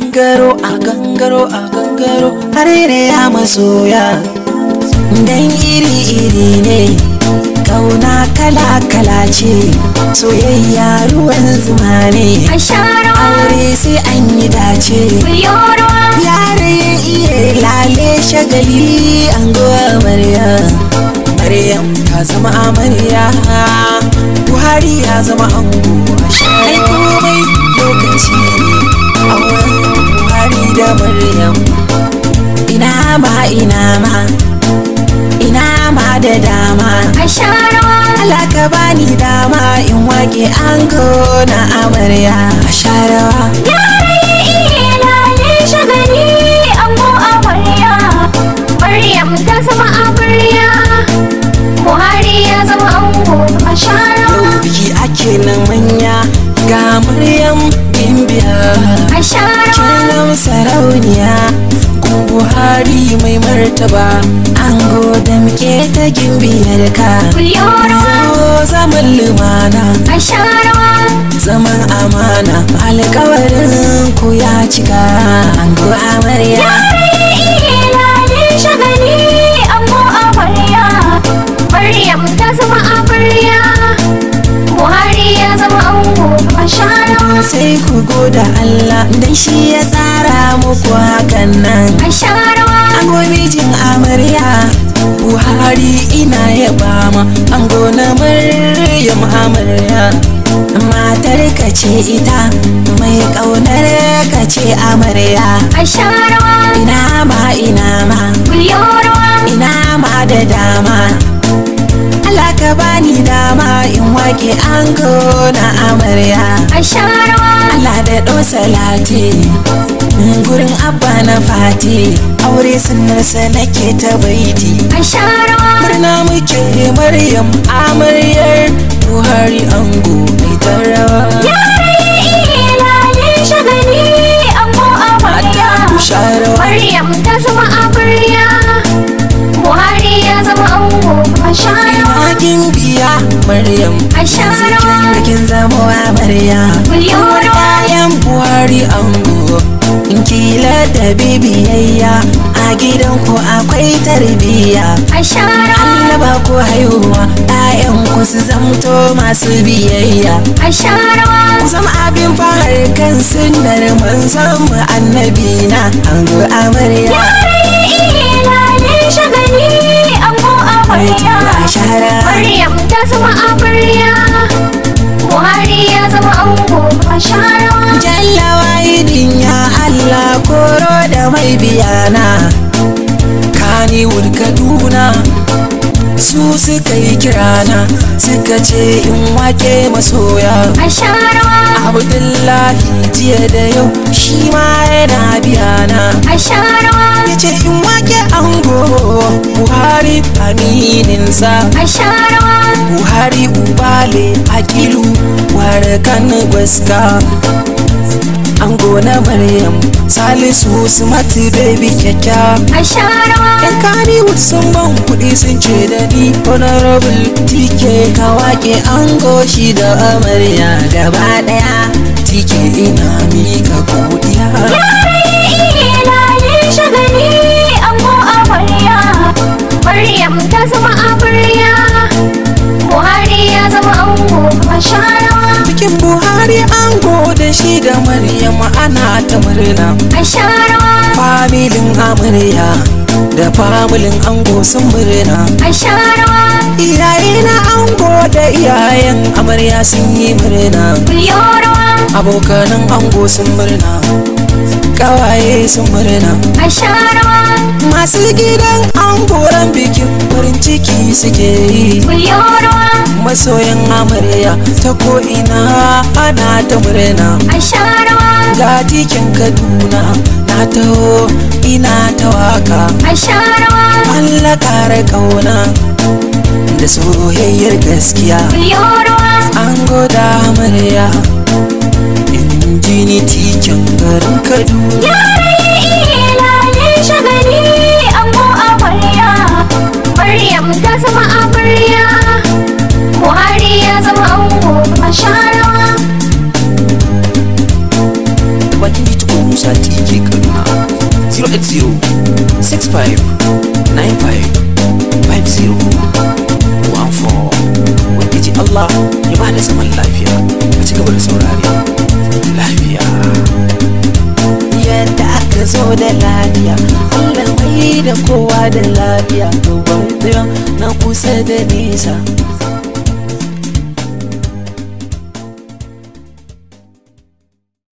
gangaro a gangaro a gangaro ne ya masoya dan iri-iri ne kauna kala-kala ce soyayya ruwan zuma ne aure sai an yi dace yare ya iya lale shagali an gowa marya maryam ta zama amarya buhari ya zama ango a mai lokaci ne da Maryam ina ma ina ma ina ma da dama Allah ka bani dama in wake anko na amarya a sharawa Maryam ta zama amarya Buhari ya zama ango a sharawa Yau biki ake na manya ga Maryam gimbiya kilam sarauniya ko buhari mai martaba an goda muke ta gimbiyar ka zaman lumana zaman amana alkawarin ku ya cika an go amarya sai ku goda Allah dan shi ya tsara muku hakan nan ango mijin amarya buhari ina ya bama an gona maryam amarya matar ka ce ita mai kaunar ka ce amarya ina ma ina ma ina ma da dama Allah ka bani dama in wake ango na amarya a shawarwa Allah da ɗau salati gurin abba na fati aure sa nake ta baiti a shawarwa murna muke maryam amaryar maryam kin zamo amarya uwar kayan buhari ango kila da bibiyayya a gidan ku akwai tarbiyya annaba ku haihuwa ayan ku su zamto masu biyayya ku zama abin fahar kan sunnar manzon mu annabi na ango amarya amarya Maryam ta zama amarya Buhari ya ah, zama ango bashara Jallawa idin ya Allah koro da mai biyana Kaniwood Kaduna su suka yi kirana suka ce in wake masoya a sharawa abu jiya da yau shi ma yana biya na a sharawa ya ce in wake ango buhari amininsa a sharawa buhari ubale akilu warakan gwaska ango na maryam salisu smart baby kyakkyawa a sharawa yan sun ban kuɗi sun ce da ni honorable tike ka an goshi da amarya gaba ɗaya tike ina mika godiya Maryam ta zama Buhari ya zama ango Buhari ango da shi da Maryam ana ta murna A familin amarya da familin ango sun murna a sharawa iyaye na ango da iyayen amarya sun yi murna abokanan ango sun murna kawaye sun murna a sharawa masu gidan ango ran bikin farin ciki suke yi masoyan amarya ta ko'ina ana ta murna a sharawa ga tikin kaduna taho ina ta waka Allah kare kauna da soyayyar gaskiya an goda amarya in ji ni tikin garin kaduna five zero one four Allah ya ba da zaman lafiya a ci da saurari lafiya yadda aka zo da lafiya Allah da kowa da lafiya duban na kusa da nisa